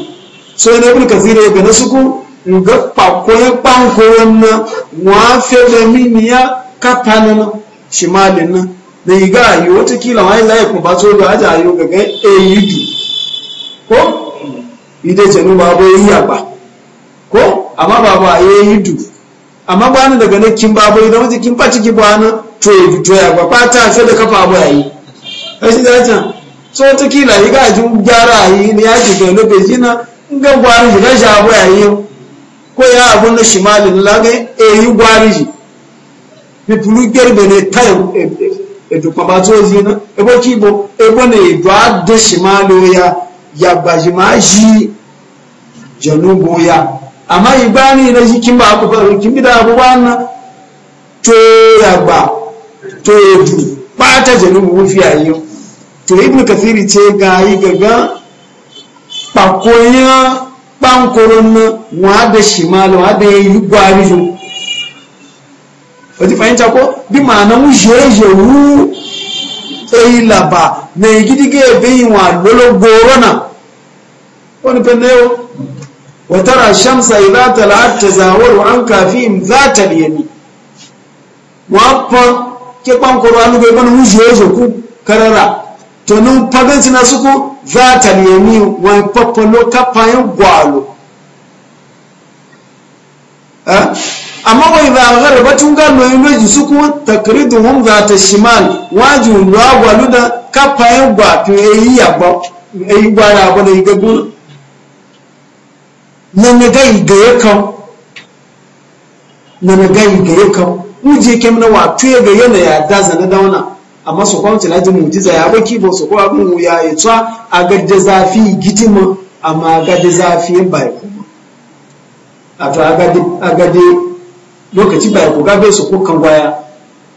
so ne bin kazire ga nasu ku ga pakoye panko na wa fe da miniya kapana shimalin nan da iga ayo watakila wani layi kun ba to da aja ayo ga ga eyidu ko ide jeno babu eyi aba ko amma ba ba ya eh, yi du amma ba ni daga na kin babu idan wata kin faci ki ba na to ya fito ya ba fata sai da kafa ba yi kashi da can so ta kila yi ga jin gyara yi ne ya ki gano bai jina in ga gwari ji ga sha ba ko ya abun na shimalin laga e eh, yi gwari eh, ji mi pulu gerbe ne tayo edu kwaba to zina bo kibo ebo ne edu ade shimalo ya ya gbajima ji janubu ya amma ibani na shi kin ba ku faru kin bi da abubuwan na to ya ba to ya du ba ta janubu wufi a yi to ibn kafiri ce ga yi gaga pakoya pankoron na wa da shimala wa da yi gwari ju wati fahimta ko bi ma'ana mu jeje wu eyi laba na igidige ebe yi wa lolo goro na wani pende yau وترى الشمس إذا طلعت تزاور عن كافيهم ذات اليمين وأبا كيبان قرآن كيبان وجوزك كررا تنو بغنت ناسكو ذات اليمين ويبابلو كباين قوالو أه؟ amma wai za a gara batun gano yin loji su kuma takaridu hun za ta shimal wajin ruwa gwalu da kafayen ya yi yagba ya yi gwara da yi na na gai ga ya kan na na gai ga ya kan muje kem na wa tuye ga yana ya daza na dauna amma su kwa na lajin mujiza ya baki ba su kwa abin ya yi tsa a gadda zafi gitima amma a gadda zafi ya bai kuma a to a gadda lokaci bai ku gabe su ko kan gwaya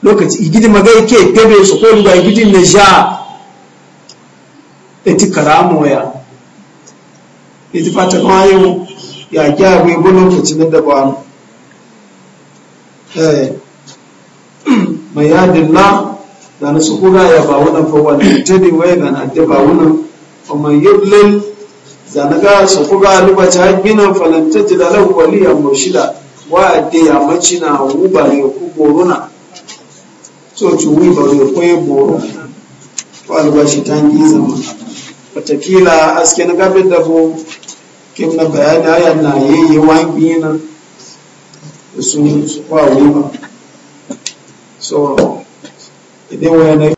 lokaci gidima ga yake gabe su ko ruwa gidin na sha eti karamoya eti fata kan ayewo ya ki abu ibu lokacin da ba mu eh. mai yadin na da na su kura ya ba wunan fa wani ta ne waya da na ba wunan fa mai yullin da na ga su kura lubaci hagginan falanta ji da lau waliyan shida. wa ade ya maci na wuba ne ku goruna so ci wuba ne ku yi goro wa albashi ta yi zama watakila aske na gabin ku. kim na bayani ayan na yayi wanki na su su kwa wima so idan wani